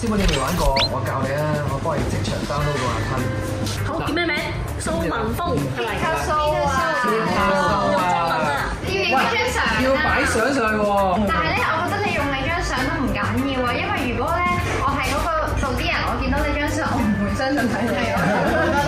師傅，你未玩過，我教你啊！我幫你即場 download 嗰個銀噴。好，叫咩但名？蘇文峯。係咪卡蘇啊？卡蘇啊！啊啊啊要影張相啦，啊。要擺相上去喎，啊。但係咧，我覺得你用你張相都唔緊要啊，的因為如果咧，我係嗰個組織人，我見到你張相，對我唔會相信你，啊。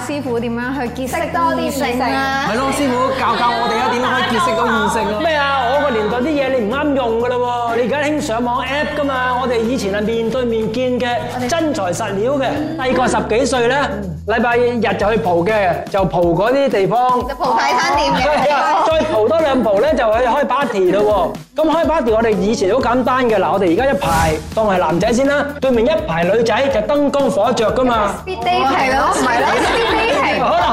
師傅點樣去結識多啲異性啊？係咯，師傅教教我哋啊，點樣可以結識到異性啊？咩啊？我個年代啲嘢你唔啱用噶啦喎！你而家興上網 app 噶嘛？我哋以前係面對面見嘅，真材實料嘅。細個十幾歲咧，禮拜日就去蒲嘅，就蒲嗰啲地方，蒲快餐店嘅，再蒲多兩蒲咧就去開 party 咯喎！咁開 party 我哋以前好簡單嘅，嗱我哋而家一排當係男仔先啦，對面一排女仔就燈光火著噶嘛，speed date 係咯，唔係咯。Speeding 可能我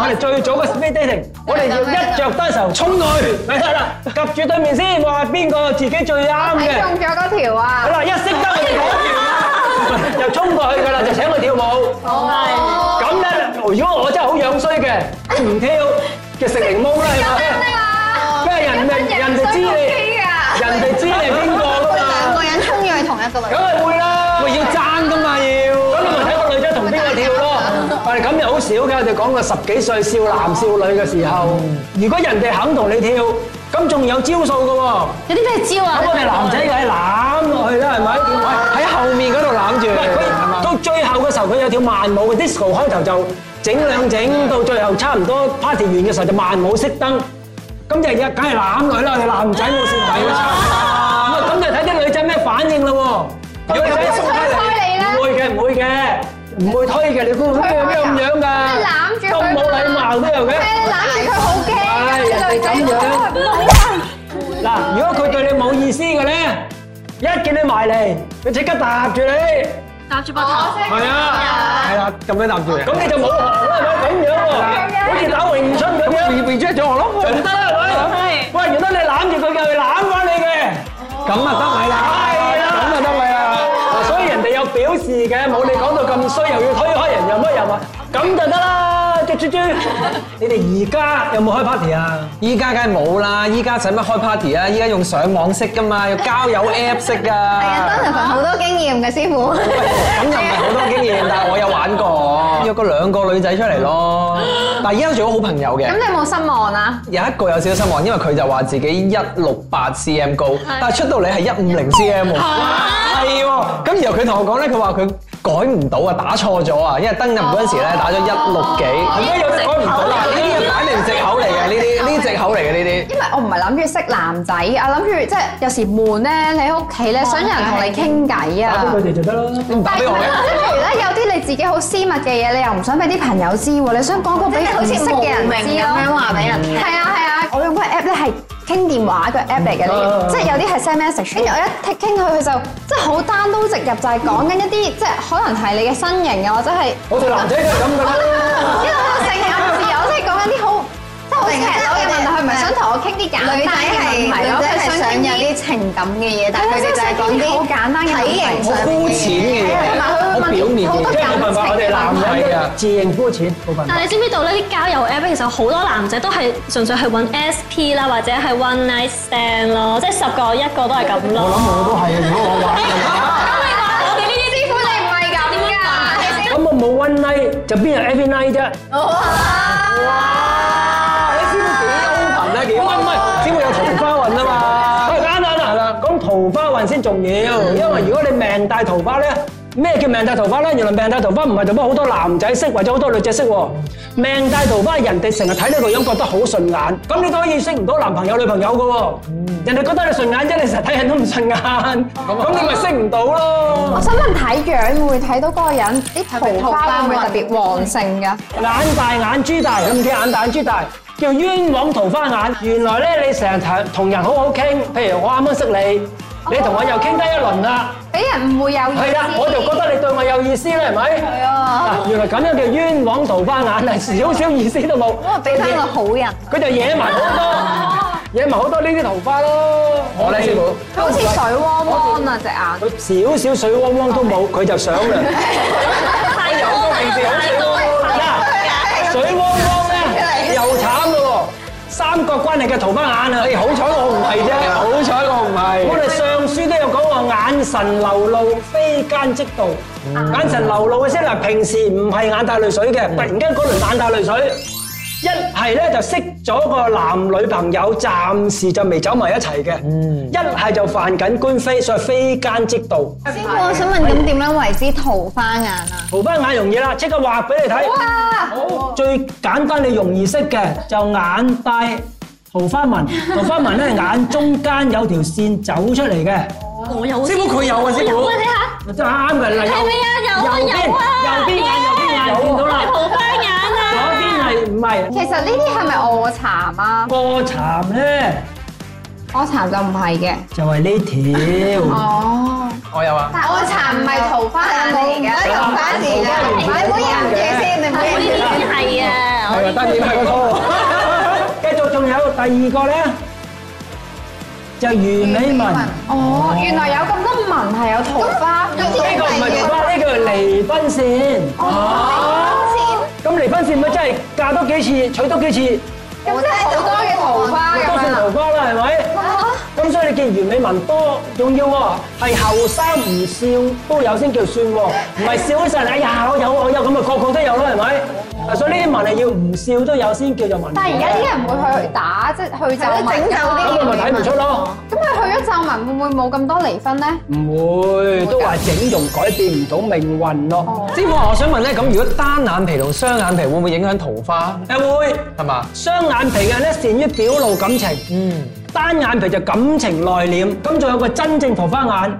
哋最早嘅 speed dating，我哋要一着單手衝佢，係啦，夾住對面先，冇話邊個自己最啱嘅。中咗嗰條啊？好啦，一識得我條啦，又衝過去㗎啦，就請佢跳舞。哦，咁咧，如果我真係好樣衰嘅，唔跳嘅食檸檬啦，係嘛？小嘅，我哋講過十幾歲少男少女嘅時候，如果人哋肯同你跳，咁仲有招數嘅喎。有啲咩招啊？咁我哋男仔就係攬落去啦，係咪？喺後面嗰度攬住。唔係佢到最後嘅時候，佢有條慢舞嘅 disco，開頭就整兩整，到最後差唔多 party 完嘅時候就慢舞熄燈。咁就梗係攬女啦，你男仔冇事係啦。咁就睇啲女仔咩反應啦喎。咁就錯錯你啦。唔會嘅，唔會嘅。唔會推嘅，你估佢有咩咁樣噶？你攬住佢都冇禮貌都有嘅。你攬住佢好驚。係人哋咁樣。唔好啊！嗱，如果佢對你冇意思嘅咧，一見你埋嚟，佢即刻搭住你，搭住膊頭先。係啊，係啦，咁樣搭住。咁你就冇啊，咁樣喎。好似打詠春咁樣，詠詠春掌學咯，唔得啦，喂。喂，原來你攬住佢佢又攬翻你嘅，咁啊得咪啦。事嘅冇你講到咁衰，又要推開人，又有乜人話咁就得啦。隻豬豬，你哋而家有冇開 party 啊？依家梗係冇啦，依家使乜開 party 啊？依家用上網識噶嘛，要交友 app 識噶。係啊，當年揈好多經驗嘅師傅。咁又唔係好多經驗，但係我有玩過，約過兩個女仔出嚟咯。但係依家做咗好朋友嘅。咁你有冇失望啊？有一個有少少失望，因為佢就話自己一六八 cm 高，但係出到嚟係一五零 cm，係喎。咁然後佢同我講咧，佢話佢。改唔到啊！打錯咗啊！因為登入嗰陣時咧打咗一六幾，咁樣有得改唔到啦！呢啲擺明藉口嚟嘅呢啲，呢啲藉口嚟嘅呢啲。因為我唔係諗住識男仔，我諗住即係有時悶咧，你喺屋企咧，想有人同你傾偈啊。佢哋就得咯，你唔打俾我啊！即係譬如咧，有啲你自己好私密嘅嘢，你又唔想俾啲朋友知喎，你想講個俾唔識嘅人知咯，咁樣話俾人聽。係啊係啊，我用個 app 咧係。傾電話個 app 嚟嘅，即係有啲係 send message。跟住我一傾傾佢，佢就即係好單刀直入，就係講緊一啲即係可能係你嘅身形，又或者係我做男仔都係咁因啦，啲好多性暗示。我即係講緊啲好即係好劇烈嘅問題，係咪想同我傾啲簡單嘅問情感嘅嘢，但係其實就係啲好簡單嘅睇型上嘅，好膚淺嘅嘢，好表面嘅，好多感情。我哋男人啊，自認膚淺，膚淺。但係你知唔知道呢？啲交友 app 其實好多男仔都係純粹係揾 sp 啦，或者係 one night stand 咯，即係十個一個都係咁咯。我諗我都係啊，如果我玩嘅。咁你話我哋呢啲師傅你唔係㗎？點解啊？咁我冇 one night 就邊有 every night 啫？重要，因為如果你命帶桃花咧，咩叫命帶桃花咧？原來命帶桃花唔係做乜好多男仔識，或者好多女仔識喎。命帶桃花，人哋成日睇呢個樣覺得好順眼，咁你都可以識唔到男朋友女朋友嘅喎。人哋覺得你順眼，啫，你成日睇人都唔順眼，咁你咪識唔到咯。我想問，睇樣會睇到嗰個人啲桃花會特別旺盛嘅？眼大眼珠大，有冇聽眼大眼珠大叫冤枉桃花眼？原來咧，你成日同同人好好傾，譬如我啱啱識你。你同我又傾得一輪啦，俾人唔會有意思，係啦，我就覺得你對我有意思啦，係咪？係啊，原來咁樣叫冤枉桃花眼，係少少意思都冇。我俾翻個好人，佢就惹埋好多，惹埋好多呢啲桃花咯。我咧先冇，好似水汪汪啊隻眼，佢少少水汪汪都冇，佢就想㗎。太多平時好少，嗱，水汪汪咧又慘咯喎，三角關係嘅桃花眼啊，哎，好彩我唔係啫。眼神流露，非奸即盜。眼神流露嘅先啦，平時唔係眼帶淚水嘅，突然間嗰輪眼帶淚水。一係咧就識咗個男女朋友，暫時就未走埋一齊嘅。嗯，一係就犯緊官非，所以非奸即盜。師傅，我想問，咁點樣為之桃花眼啊？桃花眼容易啦，即刻畫俾你睇。哇！好，最簡單你容易識嘅就眼帶桃花紋，桃花紋咧眼中間有條線走出嚟嘅。我有，師傅佢有啊，師傅。喂，睇下，真啱嘅，嚟咗未啊？有啊，右邊，右邊眼，右邊眼，見到啦。桃花眼啊。左邊係唔係？其實呢啲係咪臥蠶啊？臥蠶咧，臥蠶就唔係嘅，就係呢條。哦。我有啊。但係臥蠶唔係桃花眼嚟嘅，唔該停翻先。你講人嘅先，你講人嘅係啊。我單字唔錯。繼續仲有第二個咧。就魚尾紋哦，原來有咁多紋係有桃花，呢個唔係桃花，呢個離婚線哦線。咁離婚線咪真係嫁多幾次，娶多幾次，咁就多嘅桃花，多嘅桃花啦，係咪？咁所以你見魚尾紋多重要喎，係後生唔笑都有先叫算喎，唔係笑起上嚟，哎呀我有我有，咁咪個個都有咯，係咪？所以呢啲紋係要唔笑都有先叫做紋。但係而家啲人唔會去打，即係去走紋，整走啲咁，你咪睇唔出咯。咁佢去咗皺紋，會唔會冇咁多離婚咧？唔會，都話整容改變唔到命運咯。師傅我想問咧，咁如果單眼皮同雙眼皮會唔會影響桃花？誒會係嘛？雙眼皮嘅人咧擅於表露感情，嗯，單眼皮就感情內斂。咁仲有個真正桃花眼。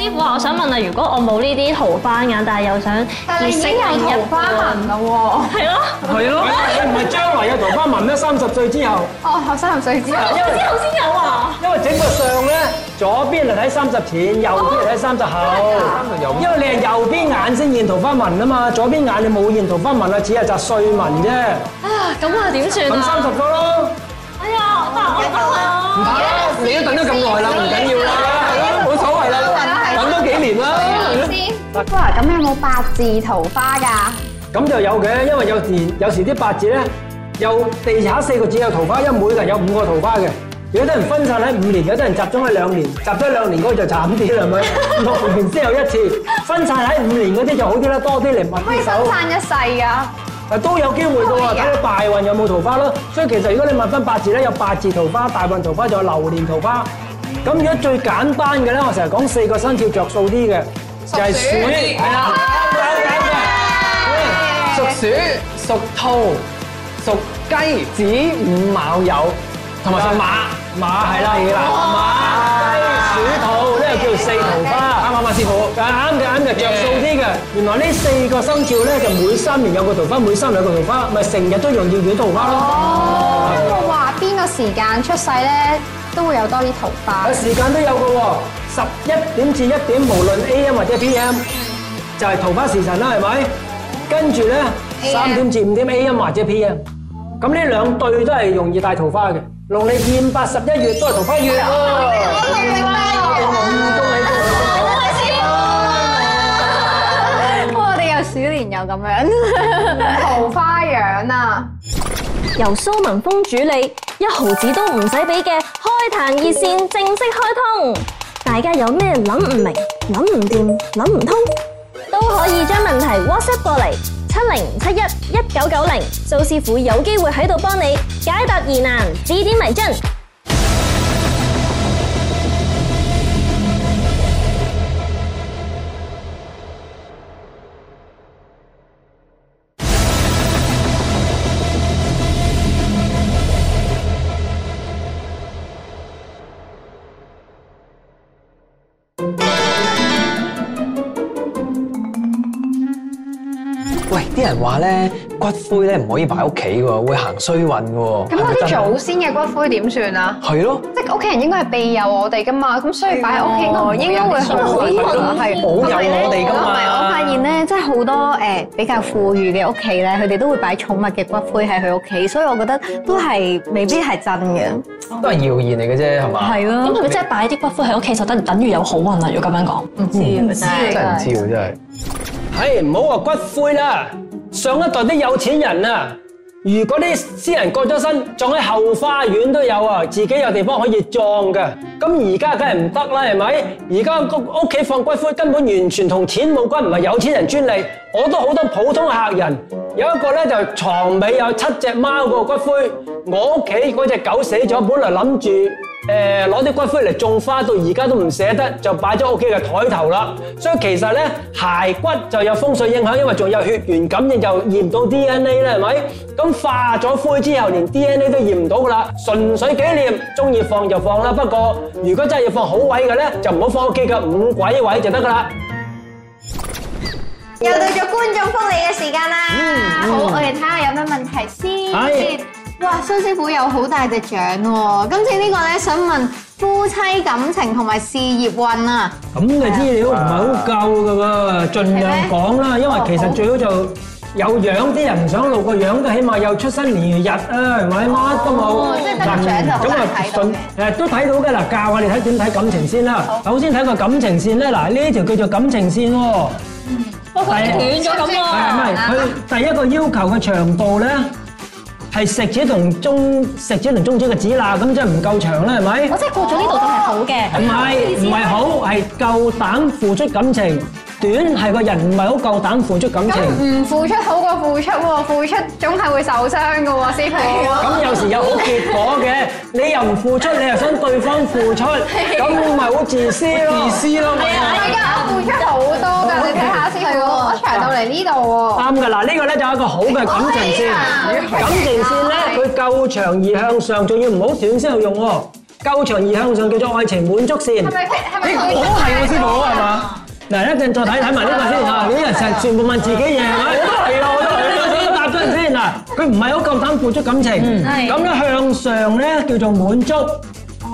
師傅啊，我想問啊，如果我冇呢啲桃花眼，但係又想整有桃花紋咯喎，係咯，係咯，你唔係將來有桃花紋咩？三十歲之後，哦，三十歲之後，因為之後先有啊，因為整個相咧，左邊係睇三十前，右邊係睇三十後，三十後，因為你係右邊眼先現桃花紋啊嘛，左邊眼你冇現桃花紋啊，只係摘碎紋啫。啊，咁啊點算？咁三十多咯。哎呀，我唔好你都等咗咁耐啦，唔緊要啦。哇！咁你有冇八字桃花噶？咁就有嘅，因為有時有時啲八字咧，有地下四個字有桃花，因為每個人有五個桃花嘅。有啲人分散喺五年，有啲人集中喺兩年，集中喺兩年嗰個就慘啲係咪？ 六年之後有一次，分散喺五年嗰啲就好啲啦，多啲嚟握啲手。可以分散一世噶？啊，都有機會噶睇嗎你大運有冇桃花咯。所以其實如果你問翻八字咧，有八字桃花、大運桃花，仲有流年桃花。咁如果最簡單嘅咧，我成日講四個生肖着數啲嘅。就係鼠，係啦，啱嘅，啱嘅，啱嘅，屬鼠、屬兔、屬雞、子午卯酉，同埋屬馬，馬係啦，係啦，馬、雞、鼠、兔，呢個叫做四桃花，啱唔啱啊，師傅？誒，啱嘅，啱嘅，著數啲嘅。原來呢四個生肖咧，就每三年有個桃花，每三年有個桃花，咪成日都容易遇到桃花咯。哦，咁我話邊個時間出世咧，都會有多啲桃花。係時間都有嘅喎。十一點至一點，無論 A M 或者 P M，就係桃花時辰啦，係咪？跟住咧，三點至五點 A M 或者 P M，咁呢兩對都係容易帶桃花嘅。農曆二八十一月都係桃花月喎。我哋又少年又咁樣，桃花樣啊！由蘇文峰主理，一毫子都唔使俾嘅開壇熱線正式開通。大家有咩諗唔明、諗唔掂、諗唔通，都可以將問題 WhatsApp 過嚟七零七一一九九零，蘇師傅有機會喺度幫你解答疑難、指點迷津。話咧骨灰咧唔可以擺屋企噶，會行衰運噶。咁嗰啲祖先嘅骨灰點算啊？係咯，即係屋企人應該係庇佑我哋噶嘛，咁所以擺喺屋企我應該會好運，係保佑我哋噶嘛。唔係，我發現咧，即係好多誒比較富裕嘅屋企咧，佢哋都會擺寵物嘅骨灰喺佢屋企，所以我覺得都係未必係真嘅，都係謠言嚟嘅啫，係嘛？係咯。咁佢真係擺啲骨灰喺屋企，就等等於有好運啦，如果咁樣講。唔知真係唔知啊，真係。誒，唔好話骨灰啦。上一代啲有錢人啊，如果啲私人過咗身，葬喺後花園都有啊，自己有地方可以葬嘅。咁而家梗係唔得啦，係咪？而家屋企放骨灰，根本完全同錢冇關，唔係有錢人專利。我都好多普通客人，有一個呢，就床尾有七隻貓個骨灰。我屋企嗰隻狗死咗，本來諗住。誒，攞啲骨灰嚟種花，到而家都唔捨得，就擺咗屋企嘅台頭啦。所以其實咧，骸骨就有風水影響，因為仲有血緣感應，就驗到 DNA 啦，係咪？咁化咗灰之後，連 DNA 都驗唔到噶啦。純粹紀念，中意放就放啦。不過如果真係要放好位嘅咧，就唔好放屋企嘅五鬼位就得噶啦。又到咗觀眾福利嘅時間啦，好誒，我哋睇下有咩問題先？哇，蘇師傅有好大隻掌喎！今次呢個咧，想問夫妻感情同埋事業運啊。咁嘅資料唔係好夠㗎喎，盡量講啦。因為其實最好就有樣啲人唔想露個樣，都起碼有出生年月日啊，唔係乜都冇。即係得掌就好難睇到嘅。咁啊，順誒都睇到嘅啦。教下你睇點睇感情先啦。首先睇個感情線咧，嗱呢條叫做感情線喎。嗯，不過佢斷咗咁喎。係啊，唔係佢第一個要求嘅長度咧。係食指同中，食指同中指嘅指甲，咁真係唔夠長啦，係咪？我真係過咗呢度就係好嘅，唔係唔係好，係夠膽付出感情。短係個人唔係好夠膽付出感情，唔付出好過付出，付出總係會受傷㗎喎，師傅。咁有時有好結果嘅，你又唔付出，你又想對方付出，咁唔係好自私咯？自私咯？係啊，我付出好多㗎，你睇下先，我長到嚟呢度喎。啱㗎喇，呢個咧就係一個好嘅感情線，感情線咧佢夠長而向上，仲要唔好短先有用喎，夠長而向上叫做愛情滿足線。係咪？係咪？我係喎，師傅係嘛？嗱，一陣再睇睇埋呢個先嚇，啲人成全部問自己嘢，係咪？我都都係，我先答咗先。嗱，佢唔係好咁夠膽付出感情，咁的向上咧叫做滿足。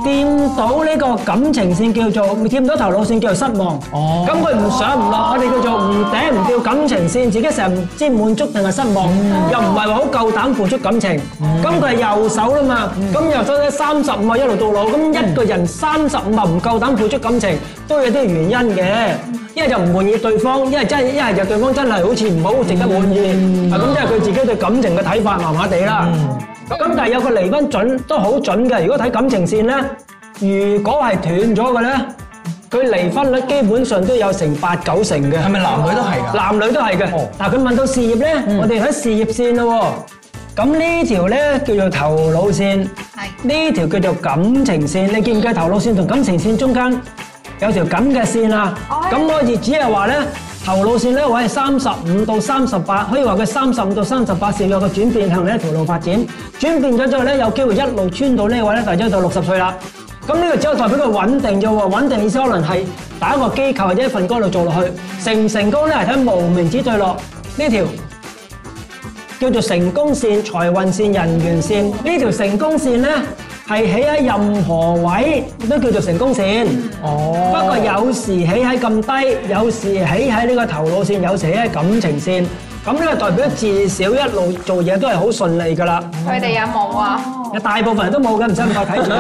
掂到呢個感情線叫做，未掂到頭腦線叫做失望。哦，咁佢唔上唔落，我哋叫做唔頂唔掉感情線，自己成日唔知滿足定係失望，又唔係話好夠膽付出感情。咁佢係右手啦嘛，咁右手咧三十五啊，一路到老。咁一個人三十五啊，唔夠膽付出感情，都有啲原因嘅。一係就唔滿意對方，一係真係一係就對方真係好似唔好值得滿意。咁即係佢自己對感情嘅睇法麻麻地啦。咁但係有個離婚準都好準嘅，如果睇感情線咧。如果係斷咗嘅咧，佢離婚率基本上都有成八九成嘅。係咪男女都係啊？男女都係嘅。嗱、哦，佢問到事業咧，嗯、我哋喺事業線咯。咁呢條咧叫做頭腦線，呢、嗯、條叫做感情線。你見唔見頭腦線同感情線中間有條咁嘅線啊？咁我亦只係話咧頭腦線呢位係三十五到三十八，可以話佢三十五到三十八是有個轉變行，行一條路發展。轉變咗之後咧，有機會一路穿到呢位咧，大約到六十歲啦。咁呢個只係代表佢穩定咋喎，穩定意思可能係打個機構或者一份工度做落去，成唔成功咧係喺無名指對落呢條叫做成功線、財運線、人緣線。呢條成功線咧係起喺任何位都叫做成功線。哦。不過有時起喺咁低，有時起喺呢個頭腦線，有時喺感情線。咁呢個代表至少一路做嘢都係好順利㗎啦。佢哋有冇啊？有，大部分人都冇㗎，唔使咁快睇住。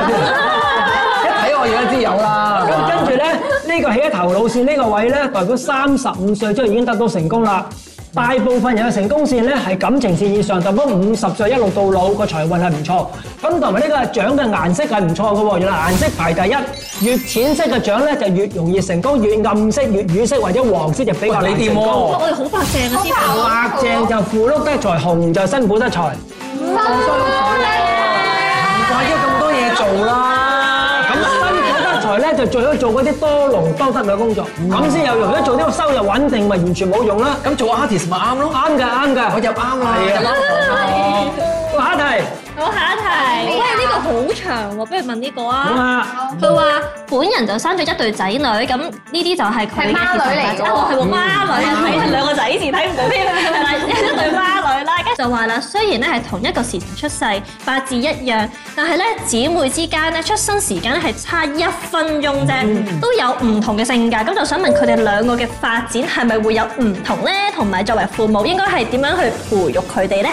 一支有啦，咁跟住咧，呢、這個起咗頭腦線呢個位咧，代表三十五歲之後已經得到成功啦。大部分人嘅成功線咧係感情線以上，代表五十歲一路到老個財運係唔錯。咁同埋呢個掌嘅顏色係唔錯嘅喎，原來顏色排第一，越淺色嘅掌咧就越容易成功，越暗色越雨色或者黃色就比較難成功。我哋好白正啊，啲白正就富碌得財，紅就辛苦得財。唔怪咗咁多嘢做啦。嗯來咧就最好做嗰啲多勞多得嘅工作，咁先有用。如果做呢個收入穩定，咪完全冇用啦。咁做 artist 咪啱咯，啱嘅啱嘅，我就啱啦。下一題，好下一題。喂，呢個好長喎，不如問呢個啊。佢話本人就生咗一對仔女，咁呢啲就係佢嘅孖女嚟。啊，係喎，孖女啊，睇兩個仔字睇唔到添，係啦，一對孖女啦。就話啦，雖然咧係同一個時辰出世，八字一樣，但係咧姊妹之間咧出生時間係差一分鐘啫，都有唔同嘅性格。咁就想問佢哋兩個嘅發展係咪會有唔同咧？同埋作為父母應該係點樣去培育佢哋咧？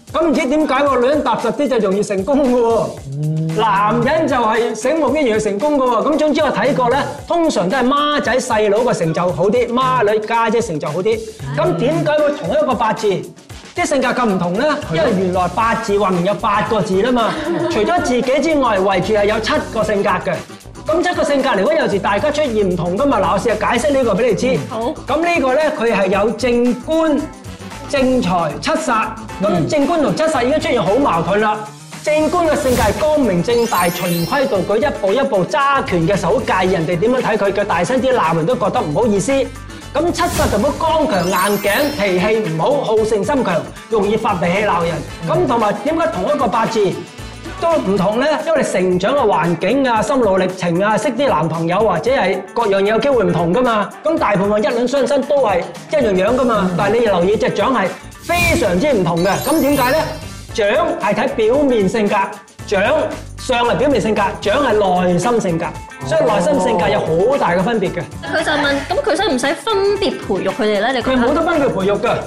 咁唔知點解喎？女人踏實啲就容易成功嘅喎，男人就係醒目啲容易成功嘅喎。咁總之我睇過咧，通常都係孖仔細佬個成就好啲，孖女家姐，姐成就好啲。咁點解會同一個八字啲性格咁唔同咧？因為原來八字運有八個字啦嘛，除咗自己之外，圍住係有七個性格嘅。咁七個性格嚟，如果有時大家出現唔同嘅嘛，老師就解釋呢個俾你知。好。咁呢個咧，佢係有正官。正財七殺，咁正官同七殺已經出現好矛盾啦。正官嘅性格係光明正大、循規蹈矩，一步一步揸權嘅，好介意人哋點樣睇佢，佢大聲啲鬧人，都覺得唔好意思。咁七殺就好剛強硬頸、脾氣唔好、好勝心強、容易發脾氣鬧人。咁同埋點解同一個八字？都唔同咧，因為成長嘅環境啊、心路歷程啊、識啲男朋友或者係各樣嘢有機會唔同㗎嘛。咁大部分一卵雙生都係一樣樣㗎嘛。但係你要留意隻掌係非常之唔同嘅。咁點解咧？掌係睇表面性格，掌上係表面性格，掌係內心性格，所以內心性格有好大嘅分別嘅。佢就問：咁佢使唔使分別培育佢哋咧？你佢冇得分別培育嘅。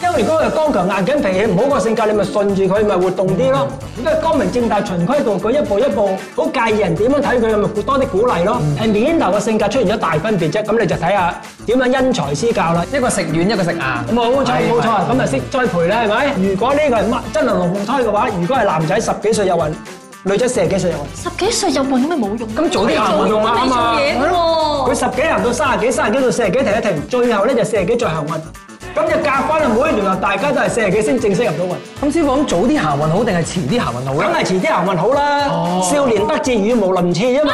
因為如果佢係剛強硬頸脾氣唔好個性格，你咪順住佢咪活動啲咯。因為光明正大，循規蹈矩，一步一步，好介意人點樣睇佢，咪多啲鼓勵咯。係邊頭個性格出現咗大分別啫？咁你就睇下點樣因材施教啦。一個食軟，一個食硬，冇錯冇錯，咁咪先栽培啦，係咪？如果呢個係孖真龍鳳胎嘅話，如果係男仔十幾歲入運，女仔四十幾歲入運，十幾歲入運咪冇用。咁早啲行冇用啊嘛。佢十幾行到三十幾，三十幾到四十幾停一停，最後咧就四十幾再行運。咁就嫁翻啦，每一年，大家都係四十幾先正式入到運。咁師傅咁早啲行運好定係遲啲行運好咧？梗係遲啲行運好啦！少年得志語無倫次，吖嘛，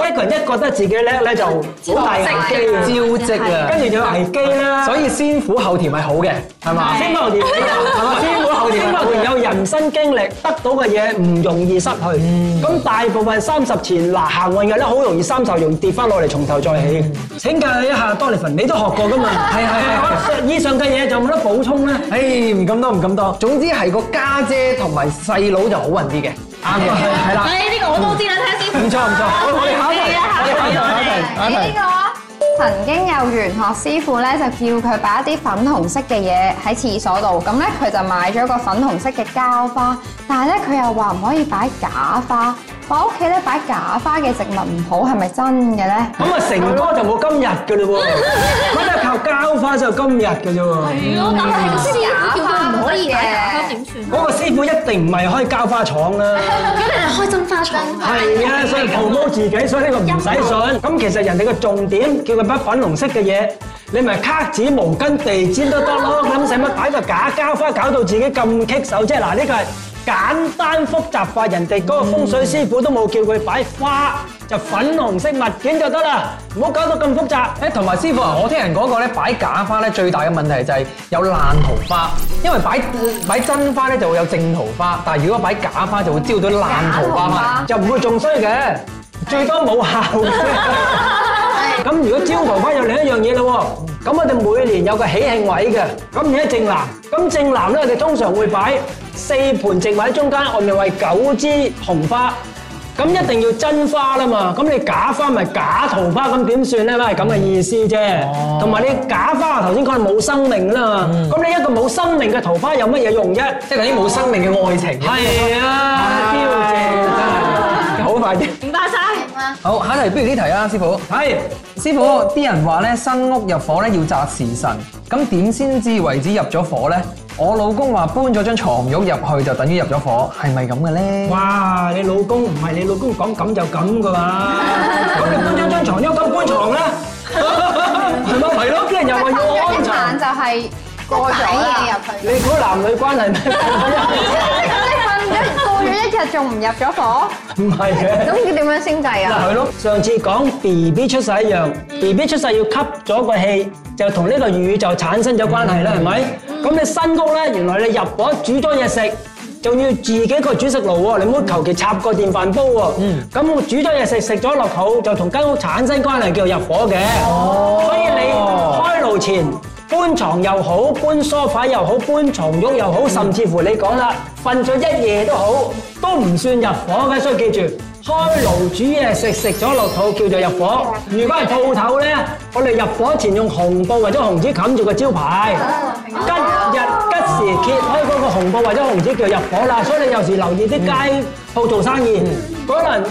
我一個人一覺得自己叻咧就好大氣，招積啊，跟住就有危機啦。所以先苦後甜係好嘅，係嘛？先苦後甜，係嘛？先苦後甜，先苦後甜，有人生經歷得到嘅嘢唔容易失去。咁大部分三十前嗱行運嘅咧，好容易三十容易跌翻落嚟，從頭再起。請教一下 Donovan，你都學過噶嘛？係係係。以上嘅嘢就冇得補充啦。誒，唔敢當，唔敢當。總之係個家姐同埋細佬就好運啲嘅。啱啊，係啦。誒，呢個我都知啦，聽師傅。唔錯唔錯，好，可以考慮。考慮，考慮，考慮。呢個曾經有玄學師傅咧，就叫佢擺一啲粉紅色嘅嘢喺廁所度。咁咧，佢就買咗個粉紅色嘅膠花，但係咧，佢又話唔可以擺假花。我屋企咧，擺假花嘅植物唔好，係咪真嘅咧？咁啊，成哥就冇今日嘅嘞喎，佢都係靠膠花先有今日嘅啫喎。係啊，我 但係唔知你叫解唔可以嘅，嗯嗯、假點算？嗰個師傅一定唔係開膠花廠啦、啊，定係、啊、開真花廠。係啊，所以僕哥自己所以呢個唔使信。咁紅其實人哋嘅重點叫佢擺粉紅色嘅嘢。你咪卡紙毛巾地氈都得咯，諗使乜擺個假膠花，搞到自己咁棘手啫！嗱，呢個係簡單複雜化，人哋嗰個風水師傅都冇叫佢擺花，就粉紅色物件就得啦，唔好搞到咁複雜。誒，同埋師傅啊，我聽人講過咧，擺假花咧最大嘅問題就係有爛桃花，因為擺擺真花咧就會有正桃花，但係如果擺假花就會招到爛桃花翻嚟，就唔會仲衰嘅，最多冇效嘅。咁如果招桃花有另一樣嘢咯喎，咁我哋每年有個喜慶位嘅，咁而家正南，咁正南咧我哋通常會擺四盤植物喺中間，外面圍九枝紅花，咁一定要真花啦嘛，咁你假花咪假桃花，咁點算咧？咁係咁嘅意思啫，同埋你假花頭先講係冇生命啦嘛，咁你一個冇生命嘅桃花有乜嘢用啫？即係嗰啲冇生命嘅愛情。係啊，好快啲，唔該晒。好，下題不如呢題啊，師傅。係，師傅，啲人話咧，新屋入火咧要擇時辰，咁點先至為止入咗火咧？我老公話搬咗張床褥入去就等於入咗火，係咪咁嘅咧？哇，你老公唔係你老公講咁就咁噶嘛？咁你搬張張床褥咁搬床啦？係咪？係咯，啲人又話要安床，就係擺嘢入去。你估男女關係咩？過咗一日仲唔入咗伙？唔係嘅。咁要點樣升計啊？係咯。上次講 B B 出世一樣，B B 出世要吸咗個氣，就同呢個宇宙產生咗關係啦，係咪？咁你新屋咧，原來你入伙煮咗嘢食，仲要自己個煮食爐喎，你唔好求其插個電飯煲喎。嗯。咁我煮咗嘢食食咗落肚，就同間屋產生關係，叫做入伙嘅。哦。所以你開爐前。搬床又好，搬梳化又好，搬床褥又好，甚至乎你講啦，瞓咗一夜都好，都唔算入伙嘅。所以記住，開爐煮嘢食，食咗落肚叫做入伙。如果係鋪頭呢，我哋入伙前用紅布或者紅紙冚住個招牌，啊、吉日吉時揭開嗰個紅布或者紅紙，叫做入伙啦。所以你有時留意啲街鋪做生意，嗯、可能。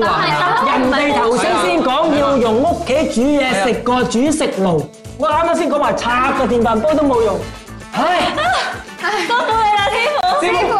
對人哋頭先先講要用屋企煮嘢食個煮食爐， 對我啱啱先講話插個電飯煲都冇用，唉。 多謝大家，師傅。